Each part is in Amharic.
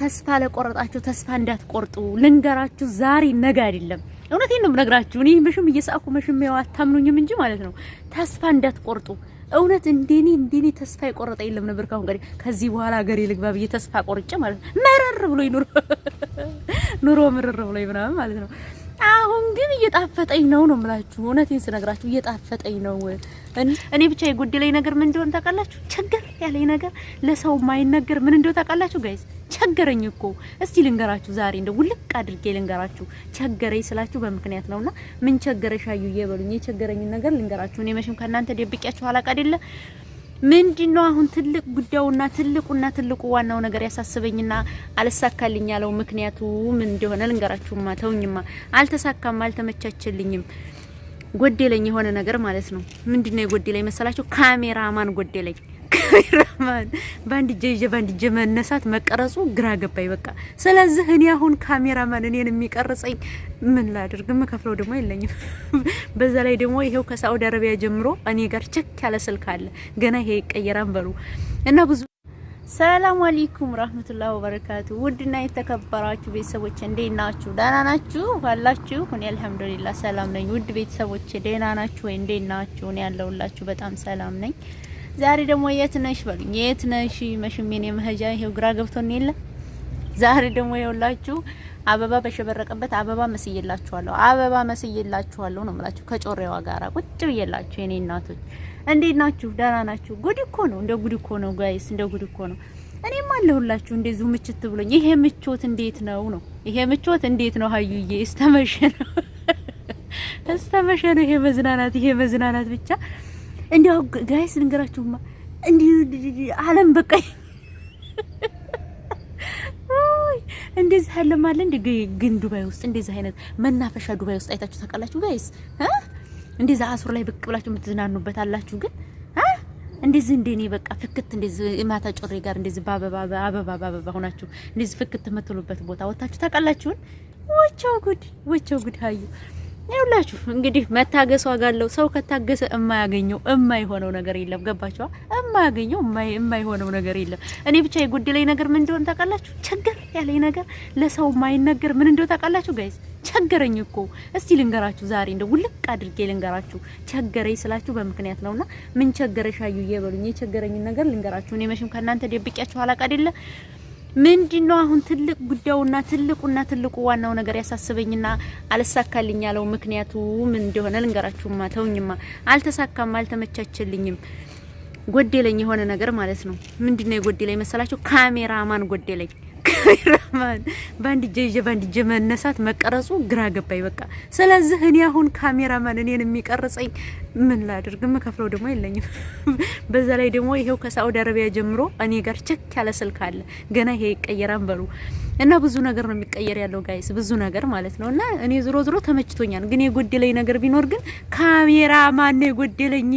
ተስፋ ለቆረጣችሁ ተስፋ እንዳትቆርጡ ልንገራችሁ፣ ዛሬ ነገ አይደለም። እውነቴን ነው ነግራችሁ። እኔ መሽም እየሳቅኩ መሽም ያው አታምኑኝም እንጂ ማለት ነው። ተስፋ እንዳትቆርጡ። እውነት እንደኔ እንደኔ ተስፋ የቆረጠ የለም ነበር ካሁን ጋር ከዚህ በኋላ ሀገሬ ልግባ ብዬ ተስፋ ቆርጬ ማለት ነው። መረር ብሎ ኑሮ ምርር ብሎ ምናምን ማለት ነው አሁን ግን እየጣፈጠኝ ነው ነው የምላችሁ። እውነቴን ስነግራችሁ እየጣፈጠኝ ነው። እኔ ብቻ የጎደለኝ ነገር ምን እንደሆነ ታውቃላችሁ? ቸገር ያለኝ ነገር ለሰው ማይነገር ምን እንደሆነ ታውቃላችሁ? ጋይስ ቸገረኝ እኮ እስቲ ልንገራችሁ። ዛሬ እንደው ውልቅ አድርጌ ልንገራችሁ። ቸገረኝ ስላችሁ በምክንያት ነውና ምን ቸገረሽ አዩዬ በሉኝ። የቸገረኝን ነገር ልንገራችሁ። እኔ መቼም ከእናንተ ደብቄያችሁ አላውቅ አይደለ ምንድነው አሁን ትልቅ ጉዳዩና ትልቁና ትልቁ ዋናው ነገር ያሳስበኝና አልሳካልኝ ያለው ምክንያቱ ምን እንደሆነ ልንገራችሁማ። ተውኝማ፣ አልተሳካም፣ አልተመቻችልኝም፣ ጎደለኝ የሆነ ነገር ማለት ነው። ነው የጎደለኝ መሰላችሁ? ካሜራማን ጎደለኝ። ካሜራማን በአንድ እጄ ይዤ በአንድ እጄ መነሳት መቀረጹ ግራ ገባኝ። በቃ ስለዚህ እኔ አሁን ካሜራማን እኔን የሚቀርጸኝ ምን ላድርግ? የምከፍለው ደግሞ የለኝም። በዛ ላይ ደግሞ ይሄው ከሳዑዲ አረቢያ ጀምሮ እኔ ጋር ቸክ ያለ ስልክ አለ። ገና ይሄ ይቀየራን በሉ እና ብዙ ሰላም አለይኩም ረህመቱላሂ ወበረካቱ። ውድና የተከበራችሁ ቤተሰቦች እንዴት ናችሁ? ደህና ናችሁ አላችሁ? እኔ አልሐምዱሊላህ ሰላም ነኝ። ውድ ቤተሰቦች ደህና ናችሁ ወይ? እንዴት ናችሁ? እኔ ያለሁላችሁ በጣም ሰላም ነኝ። ዛሬ ደግሞ የት ነሽ በሉኝ፣ የት ነሽ መሽሜን የመሄጃ ይሄው ግራ ገብቶን የለ። ዛሬ ደግሞ ይኸውላችሁ አበባ በሸበረቀበት አበባ መስዬላችኋለሁ፣ አበባ መስዬላችኋለሁ ነው የምላችሁ። ከጮሬዋ ጋራ ቁጭ ብዬላችሁ የኔ እናቶች እንዴት ናችሁ? ደህና ናችሁ? ጉድ እኮ ነው፣ እንደ ጉድ እኮ ነው ጋይስ፣ እንደ ጉድ እኮ ነው። እኔም አለሁላችሁ እንደዚሁ ምችት ብሎኝ። ይሄ ምቾት እንዴት ነው ነው ይሄ ምቾት እንዴት ነው? ሀዩዬ እስተመሸ ነው፣ እስተመሸ ነው ይሄ መዝናናት፣ ይሄ መዝናናት ብቻ እንዲያው ጋይስ ልንገራችሁማ እንዲህ ዓለም በቃ እንደዚህ ዓለም አለ። እንዴ? ግን ዱባይ ውስጥ እንደዚህ አይነት መናፈሻ ዱባይ ውስጥ አይታችሁ ታውቃላችሁ ጋይስ? እንደዛ አሱር ላይ ብቅ ብላችሁ የምትዝናኑበት አላችሁ ግን እንደዚህ እንደኔ በቃ ፍክት እንደዚህ ማታ ጮሬ ጋር እንደዚህ በአበባ በአበባ በአበባ ሆናችሁ እንደዚህ ፍክት የምትሉበት ቦታ ወታችሁ ታውቃላችሁን? ወቸው ጉድ ወቸው ጉድ ሀዩ ይኸውላችሁ እንግዲህ መታገስ ዋጋ አለው። ሰው ከታገሰ እማያገኘው እማይሆነው ነገር የለም። ገባችኋ? እማያገኘው እማይሆነው ነገር የለም። እኔ ብቻ የጎደለኝ ነገር ምን እንደሆነ ታውቃላችሁ? ቸገር ያለኝ ነገር ለሰው የማይነገር ምን እንደሆነ ታውቃላችሁ? ጋይዝ ቸገረኝ እኮ እስቲ ልንገራችሁ። ዛሬ እንደው ውልቅ አድርጌ ልንገራችሁ። ቸገረኝ ስላችሁ በምክንያት ነውና ምን ቸገረሽ አዩ እየበሉኝ የቸገረኝን ነገር ልንገራችሁ። እኔ መቼም ከእናንተ ደብቄያችሁ አላውቅ አይደለ ምንድነው አሁን ትልቅ ጉዳዩና ትልቁና ትልቁ ዋናው ነገር ያሳስበኝና አልሳካልኝ ያለው ምን እንደሆነ ልንገራችሁማ። ተውኝማ፣ አልተሳካም፣ አልተመቻቸልኝም ጎደለኝ የሆነ ነገር ማለት ነው። ምንድነው የጎደለኝ መሰላችሁ? ካሜራማን ጎደለኝ። ካሜራማን በአንድ እጄ ይዤ በአንድ እጄ መነሳት መቀረጹ ግራ ገባኝ። በቃ ስለዚህ እኔ አሁን ካሜራማን እኔን የሚቀርጸኝ ምን ላድርግ? የምከፍለው ደግሞ የለኝም። በዛ ላይ ደግሞ ይሄው ከሳዑዲ አረቢያ ጀምሮ እኔ ጋር ቸክ ያለ ስልክ አለ። ገና ይሄ ይቀየራን በሉ እና ብዙ ነገር ነው የሚቀየር ያለው ጋይስ፣ ብዙ ነገር ማለት ነው። እና እኔ ዝሮ ዝሮ ተመችቶኛል። ግን የጎደለኝ ነገር ቢኖር ግን ካሜራማን ነው የጎደለኝ።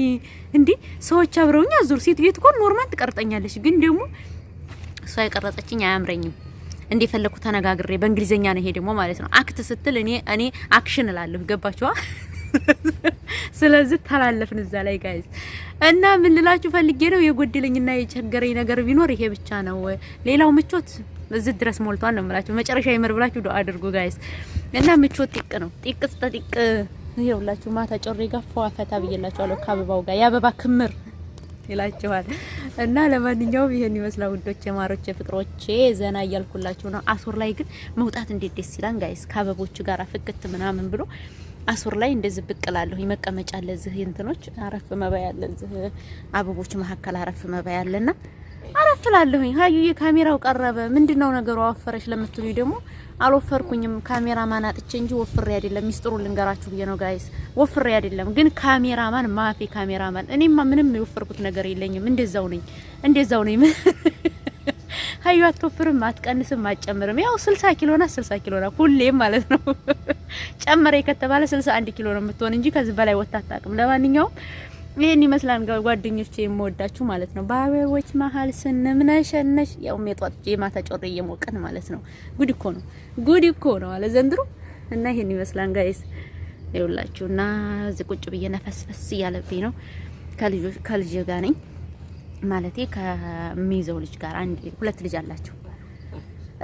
እንዲህ ሰዎች አብረውኛ ዙር ሴት ቤት ኮን ኖርማል ትቀርጠኛለች፣ ግን ደግሞ እሷ የቀረጸችኝ አያምረኝም። እንደ ፈለኩ ተነጋግሬ በእንግሊዘኛ ነው ይሄ ደግሞ ማለት ነው። አክት ስትል እኔ እኔ አክሽን እላለሁ። ገባችኋ? ስለዚህ ተላለፍን እዛ ላይ ጋይዝ እና ምን ልላችሁ ፈልጌ ነው የጎደለኝና የቸገረኝ ነገር ቢኖር ይሄ ብቻ ነው። ሌላው ምቾት እዚህ ድረስ ሞልቷል ነው የምላችሁ። መጨረሻ ይመር ብላችሁ ዱአ አድርጉ ጋይስ። እና ምቾት ጢቅ ነው። ጢቅ ስጠ ጢቅ ይኸውላችሁ ማታ ጮሬ ጋር ፏፈታ ብዬላችኋለሁ ከአበባው ጋር የአበባ ክምር ይላችኋል። እና ለማንኛውም ይሄን ይመስላል ውዶች፣ የማሮች ፍቅሮቼ፣ ዘና እያልኩላችሁ ነው። አሶር ላይ ግን መውጣት እንዴት ደስ ይላል ጋይስ! ከአበቦቹ ጋር ፍክት ምናምን ብሎ አሶር ላይ እንደዚህ ብቅ እላለሁ። መቀመጫ አለ እዚህ እንትኖች አረፍ መባያ አለ እዚህ አበቦች መካከል አረፍ መባያ አለና አረፍላለሁኝ። እላለሁኝ። ሀዩዬ ካሜራው ቀረበ ምንድነው ነገሩ አወፈረች ለምትሉ ደግሞ አልወፈርኩኝም። ካሜራማን አጥቼ እንጂ ወፍሬ አይደለም። ሚስጥሩ ልንገራችሁ ብዬ ነው ጋይስ። ወፍሬ አይደለም ግን ካሜራማን ማፌ ካሜራማን። እኔማ ምንም የወፈርኩት ነገር የለኝም። እንደዛው ነኝ፣ እንደዛው ነኝ። ሀዩ አትወፍርም፣ አትቀንስም፣ አትጨምርም። ያው 60 ኪሎ ናት፣ 60 ኪሎ ናት ሁሌም ማለት ነው። ጨመረ ከተባለ 61 ኪሎ ነው የምትሆን እንጂ ከዚህ በላይ ወጣት አታውቅም። ለማንኛውም ይሄን ይመስላል ጓደኞቼ፣ የምወዳችሁ ማለት ነው። በአበቦች መሀል ስንምነሸነሽ ያውም የጧት የማታ ጮሬ እየሞቀን ማለት ነው። ጉድ እኮ ነው፣ ጉድ እኮ ነው አለ ዘንድሮ እና ይሄን ይመስላል ጋይስ ይውላችሁ እና እዚህ ቁጭ ብዬ ነፈስፈስ እያለብኝ ነው። ከልጆች ከልጅ ጋር ነኝ ማለቴ ከሚይዘው ልጅ ጋር አንድ ሁለት ልጅ አላቸው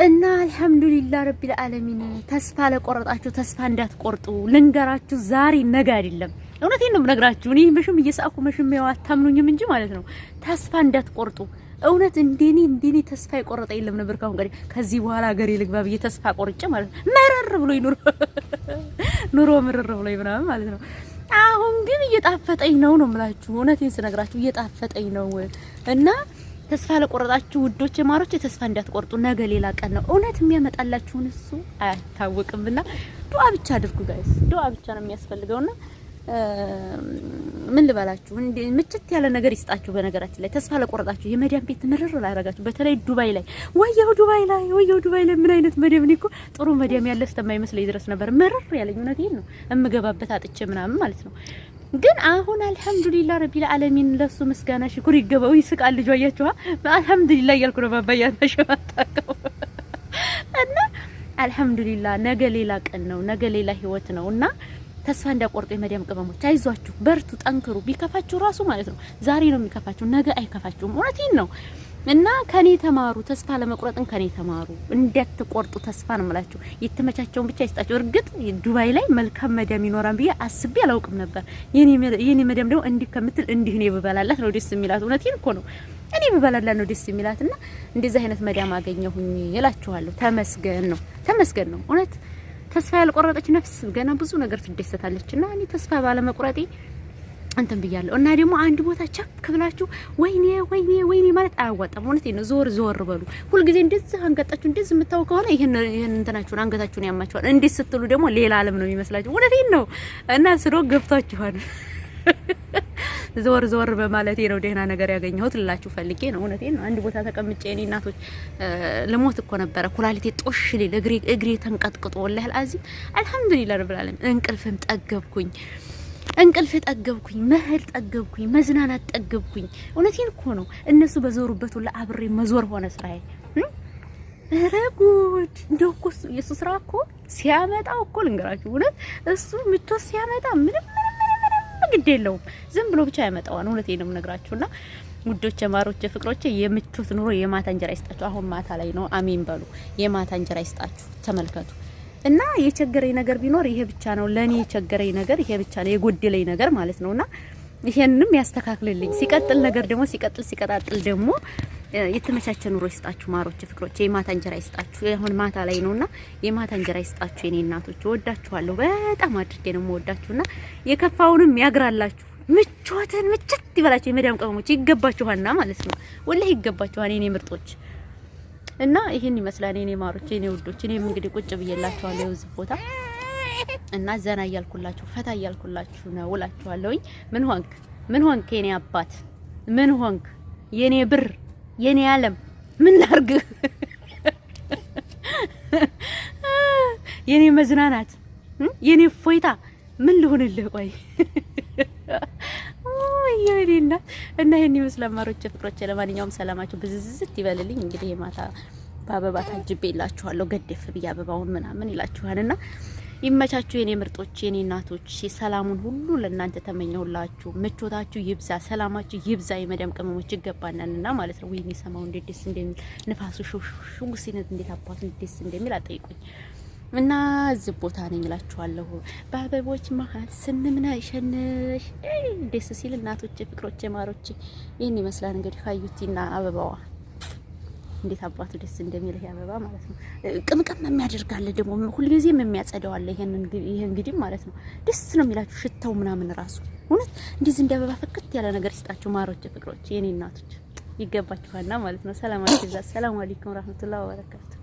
እና አልሐምዱሊላህ ረቢል ዓለሚን ተስፋ ለቆረጣችሁ ተስፋ እንዳትቆርጡ ልንገራችሁ፣ ዛሬ ነገ አይደለም እውነቴን ነው የምነግራችሁ። እኔ መሽም እየሳቅኩ መሽም ያው አታምኑኝም እንጂ ማለት ነው ተስፋ እንዳትቆርጡ። እውነት እንደኔ እንደኔ ተስፋ የቆረጠ የለም ነበር ካሁን ጋር ከዚህ በኋላ ሀገሬ ልግባ ብዬ ተስፋ ቆርጬ ማለት ነው። መረር ብሎ ይኑሮ ኑሮ መረር ብሎ ምናምን ማለት ነው። አሁን ግን እየጣፈጠኝ ነው ነው የምላችሁ። እውነቴን ስነግራችሁ እየጣፈጠኝ ነው እና ተስፋ ለቆረጣችሁ ውዶች የማሮች ተስፋ እንዳትቆርጡ። ነገ ሌላ ቀን ነው። እውነት የሚያመጣላችሁን እሱ አያታወቅምና ዱአ ብቻ አድርጉ ጋይስ። ዱአ ብቻ ነው የሚያስፈልገውና ምን ልበላችሁ ምችት ያለ ነገር ይስጣችሁ። በነገራችን ላይ ተስፋ ለቆረጣችሁ የመዲያም ቤት ምርር ላያረጋችሁ። በተለይ ዱባይ ላይ ወየው ዱባይ ላይ ወየው ዱባይ ላይ ምን አይነት መዲያም ነው እኮ ጥሩ መዲያም ያለ እስከማይመስለኝ ድረስ ነበር ምርር ያለኝ። እውነቴን ነው እምገባበት አጥቼ ምናምን ማለት ነው። ግን አሁን አልሐምዱሊላህ ረቢል ዓለሚን ለሱ ምስጋና ሽኩር ይገባው። ይስቃል ልጅ አያችኋ። አልሐምዱሊላህ እያልኩ ነው ባባያ ተሸማጣቀው እና አልሐምዱሊላህ ነገ ሌላ ቀን ነው፣ ነገ ሌላ ህይወት ነው እና ተስፋ እንዳቆርጡ የመዲያም ቅመሞች አይዟችሁ፣ በርቱ፣ ጠንክሩ። ቢከፋችሁ ራሱ ማለት ነው ዛሬ ነው የሚከፋችሁ፣ ነገ አይከፋችሁም። እውነቴን ነው። እና ከኔ ተማሩ፣ ተስፋ ለመቁረጥን ከኔ ተማሩ። እንዳትቆርጡ ተስፋ ነው የምላችሁ። የተመቻቸውን ብቻ ይስጣችሁ። እርግጥ ዱባይ ላይ መልካም መዲያም ይኖራን ብዬ አስቤ አላውቅም ነበር። የኔ መዲያም ደግሞ እንዲህ ከምትል እንዲህ ነው ነው ደስ የሚላት። እውነቴን እኮ ነው እኔ ብበላላ ነው ደስ የሚላትና እንደዚህ አይነት መዳም አገኘሁኝ እላችኋለሁ። ተመስገን ነው ተመስገን ነው እውነት ተስፋ ያልቆረጠች ነፍስ ገና ብዙ ነገር ትደሰታለች። እና እኔ ተስፋ ባለመቁረጤ እንትን ብያለሁ። እና ደግሞ አንድ ቦታ ቸክ ብላችሁ ወይኔ ወይኔ ወይኔ ማለት አያዋጣም። እውነት ነው። ዞር ዞር በሉ። ሁልጊዜ እንደዚህ አንገጣችሁ እንደዚህ የምታው ከሆነ ይሄን ይሄን እንትናችሁን አንገታችሁን ያማችኋል። እንዴት ስትሉ ደግሞ ሌላ ዓለም ነው የሚመስላችሁ። እውነቴን ነው። እና ስሮ ገብቷችኋል። ዞር ዞር በማለቴ ነው ደህና ነገር ያገኘሁት ልላችሁ ፈልጌ ነው። እውነቴን ነው። አንድ ቦታ ተቀምጬ እኔ እናቶች ልሞት እኮ ነበረ። ኩላሊቴ ጦሽ ሊል እግሬ እግሬ ተንቀጥቅጦ ወላህ አልአዚም አልሐምዱሊላህ ረብ ዓለሚን እንቅልፍም ጠገብኩኝ እንቅልፍ ጠገብኩኝ፣ መህል ጠገብኩኝ፣ መዝናናት ጠገብኩኝ። እውነቴን እኮ ነው። እነሱ በዞሩበት ሁሉ አብሬ መዞር ሆነ ስራዬ። ኧረ ጉድ! እንደው እኮ የእሱ ስራ እኮ ሲያመጣ እኮ ልንገራችሁ፣ እውነት እሱ ምቾት ሲያመጣ ምንም ግድ የለውም። ዝም ብሎ ብቻ ያመጣዋል። እውነቴ ነው ነግራችሁና ውዶች ማሮች ፍቅሮች የምቾት ኑሮ የማታ እንጀራ ይስጣችሁ። አሁን ማታ ላይ ነው። አሜን በሉ። የማታ እንጀራ ይስጣችሁ። ተመልከቱ እና የቸገረኝ ነገር ቢኖር ይሄ ብቻ ነው። ለኔ የቸገረኝ ነገር ይሄ ብቻ ነው፣ የጎደለኝ ነገር ማለት ነውና ይሄንንም ያስተካክልልኝ። ሲቀጥል ነገር ደግሞ ሲቀጥል ሲቀጣጥል ደግሞ የተመቻቸ ኑሮ ይስጣችሁ ማሮች ፍቅሮች፣ የማታ እንጀራ ይስጣችሁ። አሁን ማታ ላይ ነውና የማታ እንጀራ ይስጣችሁ። የኔ እናቶች ወዳችኋለሁ፣ በጣም አድርጌ ነው የምወዳችሁና የከፋውንም ያግራላችሁ፣ ምቾትን ምቾት ይበላችሁ። የመዳም ቀመሞች ይገባችኋና ማለት ነው፣ ወላሂ ይገባችኋል የኔ ምርጦች። እና ይህን ይመስላል የኔ ማሮች፣ የኔ ውዶች። እኔም እንግዲህ ቁጭ ብዬላችኋለሁ እዚህ ቦታ እና ዘና እያልኩላችሁ ፈታ እያልኩላችሁ ነው እላችኋለሁኝ። ምን ሆንክ ምን ሆንክ የኔ አባት ምን ሆንክ የኔ ብር የኔ ዓለም ምን ላርግ? የኔ መዝናናት፣ የኔ ፎይታ ምን ልሆንልህ? ቆይ ይሄኔና እና ይሄን ይመስላል ማሮቼ ፍቅሮች። ለማንኛውም ሰላማችሁ ብዝዝት ይበልልኝ። እንግዲህ የማታ በአበባ ታጅቤ ይላችኋለሁ። ገደፍ ብዬ አበባውን ምናምን ይላችኋልና ይመቻችሁ የኔ ምርጦች፣ የኔ እናቶች። ሰላሙን ሁሉ ለእናንተ ተመኘሁላችሁ። ምቾታችሁ ይብዛ፣ ሰላማችሁ ይብዛ። የመደም ቅመሞች ይገባናልና ማለት ነው። ወይኔ ሰማው እንዴት ደስ እንደሚል ንፋሱ ሹጉ ሲነት እንዴት አባቱ ደስ እንደሚል አጠይቁኝ እና እዚህ ቦታ ነኝ እላችኋለሁ። በአበቦች መሀል ስንምና ይሸንሽ ደስ ሲል እናቶች፣ ፍቅሮች፣ ማሮች ይህን ይመስላል እንግዲህ ሀዩቲና አበባዋ እንዴት አባቱ ደስ እንደሚል ይሄ አበባ ማለት ነው። ቅምቅም የሚያደርጋለ ደግሞ ሁልጊዜም የሚያጸደዋለ ይሄ እንግዲህ ማለት ነው። ደስ ነው የሚላችሁ ሽታው ምናምን ራሱ እውነት እንዲዚህ እንደ አበባ ፍክት ያለ ነገር ይስጣችሁ። ማሮች ፍቅሮች፣ የኔ እናቶች ይገባችኋልና ማለት ነው። ሰላማችሁ ይብዛ። ሰላም አለይኩም ወራህመቱላሂ ወበረካቱ